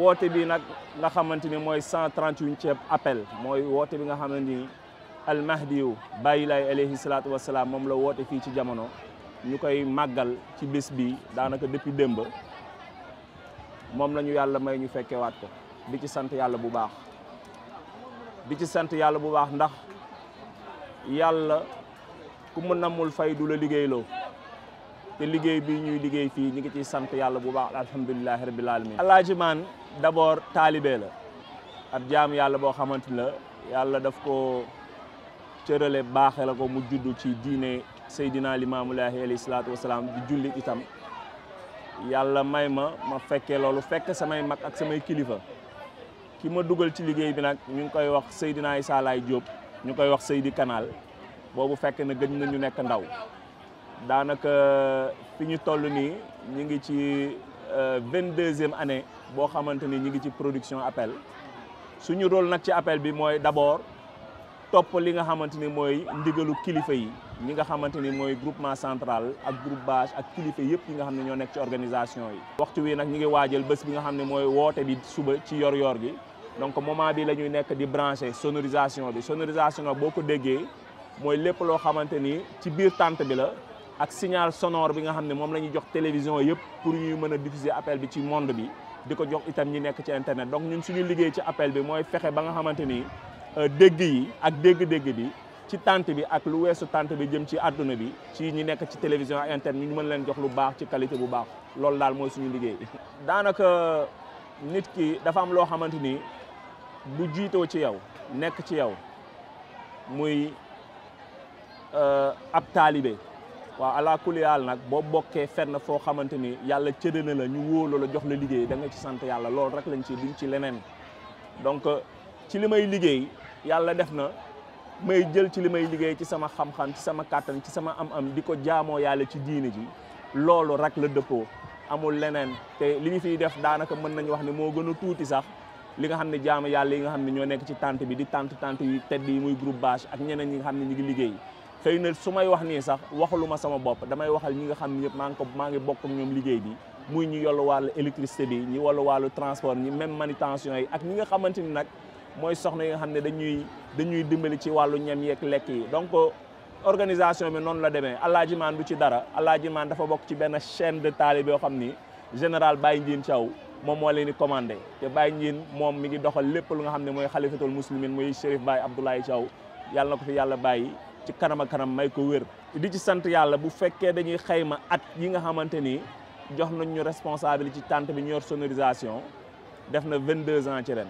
woote bi nag nga xamante ni mooy cent trente et un appel mooy woote bi nga xamante ni al mahdiyu bàyyi laay alayhi salaatu wasalaam moom la woote fii ci jamono ñu koy màggal ci bis bi daanaka depuis démb moom la ñu yàlla may ñu fekkewaat ko di ci sant yàlla bu baax di ci sant yàlla bu baax ndax yàlla ku mu namul fay du la liggéeyloo te liggéey bi ñuy liggéey fii ñu ngi ciy sant yàlla bu baax alhamdulilahi rabil alamin alaaji maan d'abord taalibe la ab jaam yàlla boo xamante la yàlla daf ko cërale baaxe la ko mu juddu ci diine Seydina Limaamu Laahi alayhi salaatu wasalaam itam yàlla may ma ma fekkee loolu fekk samay mag ak samay kilifa ki ma dugal ci liggéey bi nag ñu ngi koy wax Seydina Issa Laye ñu koy wax Seydi Canal boobu fekk na gëj na ñu nekk ndaw daanaka fi ñu toll nii ñu ngi ci euh, vingt deuxième année boo xamante ni ngi ci production appel suñu rôle nag ci appel bi mooy d' abord li nga xamante ni ndigalu kilifa yi ñi nga groupement central ak groupe bâche ak kilifa yëpp yi nga xam ne ñoo nekk ci organisation yi. waxtu wi nag ñu ngi waajal bés bi nga xam ne mooy bi suba ci yor-yor gi donc moment bi di branché sonorisation bi sonorisation nag boo ko déggee mooy lépp ci biir tente bi la. ak signal sonore bi nga xam ne moom la ñuy jox télévision yëpp pour ñuy mën a diffuser appel bi ci monde bi di ko jox itam ñi nekk ci internet donc ñun suñu liggéey ci appel bi mooy fexe ba nga xamante ni euh, dégg yi ak dégg-dégg bi ci tant bi ak lu weesu tant bi jëm ci àdduna bi ci ñi nekk ci télévision ak internet ñu mën leen jox lu baax ci qualité bu baax loolu daal mooy suñu liggéey. daanaka nit ki dafa am loo xamante ni bu jiitoo ci yow nekk ci yow muy euh, ab taalibe. waaw ala kulli haal nag boo bokkee fenn foo xamante ni yàlla cëre na la ñu wóolu la jox la liggéey da ci sant yàlla loolu rek lañ ci duñ ci leneen donc euh, ci li may liggéey yàlla def na may jël ci li may liggéey ci sama xam sama kàttan ci sama am-am di ko jaamoo yàlla ci diine ji loolu rek la dëppoo amul leneen te li ñu fi def daanaka mën nañu wax ne moo gën a tuuti sax li nga xam ne jaamu yàlla yi nga xam ne ñoo nekk ci tante bi di tante tante yu tedd yi muy groupe bâche ak ñeneen ñi nga xam ne ñu ngi liggéey xëy na su may wax nii sax waxaluma sama bopp damay waxal ñi nga xam ne ñëpp maa ngi ko maa ngi bokk ak ñoom liggéey bi muy ñi yollu wàllu électricité bi ñi wàllu wàllu transport ñi même manutention yi ak ñi nga xamante ni nag mooy soxna yi nga xam ne dañuy dañuy dimbali ci wàllu ñam yeeg lekk yi donc organisation bi noonu la demee Alaaji Maan du ci dara Alaaji Maan dafa bokk ci benn chaîne de taalibe yoo xam ni général Baye Ndiin Thiaw moom moo leen di commandé te Baye Ndiin mi ngi doxal lépp lu nga xam ne mooy xalifatul muslimin muy Chérif Baye Abdoulaye Thiaw yàlla na ko fi yàlla bàyyi ci kanam kanam may ko wér di ci sant yàlla bu fekkee dañuy xayma at yi nga xamante ni jox nañ ñu responsable ci tante bi ñu yor sonorisation def na 22 ans ci ren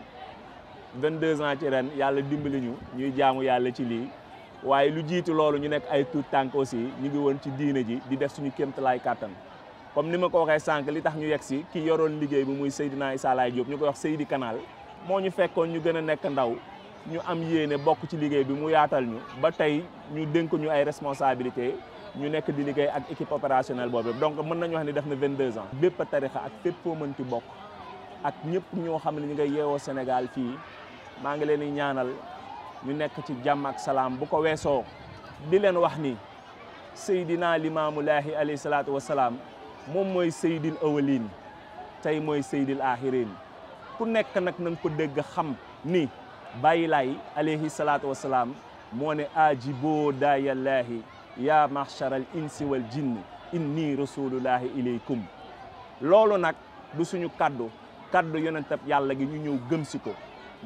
22 ans ci ren yàlla dimbali ñu ñuy jaamu yàlla ci lii waaye lu jiitu loolu ñu nekk ay tuut tànk aussi ñu ngi woon ci diine ji di def suñu kéemtalaay kàttan comme ni ma ko waxee sànq li tax ñu yegg si ki yoroon liggéey bi muy Seydina Issa Laye Diop ñu koy wax Seydi kanaal moo ñu fekkoon ñu gën a nekk ndaw ñu am yéene bokk ci liggéey bi mu yaatal ñu ba tey ñu dénk ñu ay responsabilité ñu nekk di liggéey ak équipe opérationnelle boobu donc mën nañu wax ni def na 22 ans bépp tarixa ak fépp mën ci bokk ak ñëpp ñoo xam ne ñu ngay yeewoo fii maa ngi leen ñaanal ñu nekk ci jàmm ak salaam bu ko weesoo di leen wax ni Seydina Limaamu Laahi alayhi salaatu wa salaam moom mooy Seydil Awalin tey mooy Seydil Axirin ku nekk nag na ko dégg xam ni bàyyi laay alayhi salaatu wasalaam moo ne aaji boo daayallaahi yaa mahcharal insi wal jinni inni rasulullahi ilaykum loolu nag du suñu kàddu kàddu yonentab yàlla gi ñu ñëw gëm si ko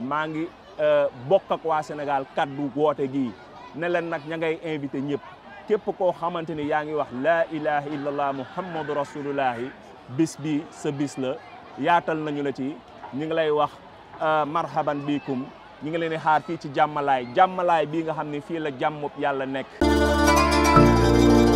maa ngi euh, bokk ak waa Sénégal kàddu woote gi ne leen nag ña ngay invité ñëpp képp koo xamante ni yaa ngi wax laa ilaha illallah muhammadu rasulullahi bis bi sa bis la yaatal nañu la ci ñu ngi lay wax euh, marhaban bikum ñi ngi leen di xaar fii ci jàmmalaay jàmmalaay bii nga xam ne fii la jàmmub yàlla nekk